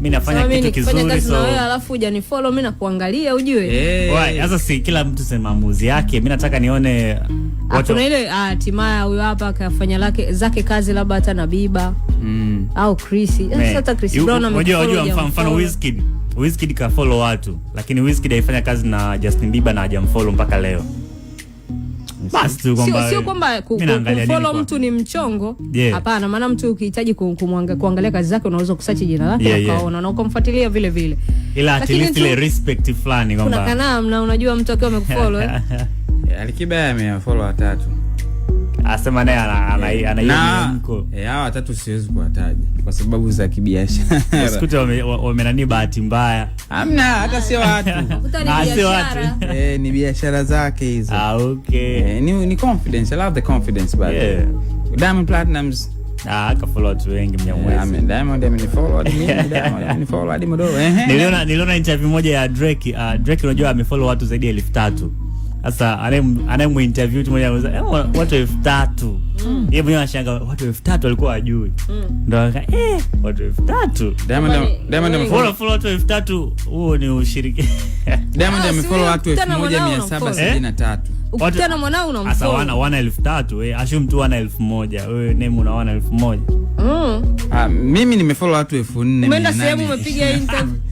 mimi nafanya so, kitu kizuri so wewe alafu hujanifollow mimi nakuangalia ujue. Hey. Sasa si kila mtu sema maamuzi yake, mimi nataka nione ah, watu na ile ah, hatimaye huyo hapa akafanya lake zake kazi labda hata na Biba mm. au Chris. hata eh, Chris Brown amekuja. Unajua mfano Wizkid Wizkid ka follow watu lakini Wizkid haifanya kazi na Justin Bieber na hajamfollow mpaka leo basi tu kwamba sio kwamba kufollow mtu ni mchongo, hapana yeah. Maana mtu ukihitaji kuangalia kazi zake unaweza kusearch jina lake yeah, yeah. Ukaona na ukamfuatilia vile vile, ila at least ile respect fulani kwamba kuna kana, unajua mtu akiwa amekufollow eh? Alikiba amefollow watatu Asema naye ana ana eh, eh, hawa watatu siwezi kuwataja kwa sababu za kibiashara. Sikuta wamenani bahati mbaya. Hamna hata sio watu. Ah, sio watu. Eh, ni biashara zake hizo. Ah, okay. Eh, ni ni confidence. love the confidence but. Yeah. Diamond Ah, wengi mnyamwezi. Diamond Diamond hadi mdogo. Niliona niliona interview moja ya Drake, uh, Drake unajua amefollow watu zaidi ya elfu tatu. Sasa anayemwinterview tu moja anasema eh, watu elfu tatu. Mm. Yeye mwenyewe anashangaa watu elfu tatu walikuwa wajui. Mm. Ndio aka eh watu elfu tatu. Diamond Diamond amefollow follow watu elfu tatu huo ni ushiriki. Diamond ah, amefollow watu 1773. ukutana eh? mwanao unamfollow. Sasa wana wana elfu tatu eh, ashume tu wana elfu moja. Wewe name una wana elfu moja. Mm. Ah, mimi nimefollow watu elfu nne. Umeenda sehemu umepiga interview.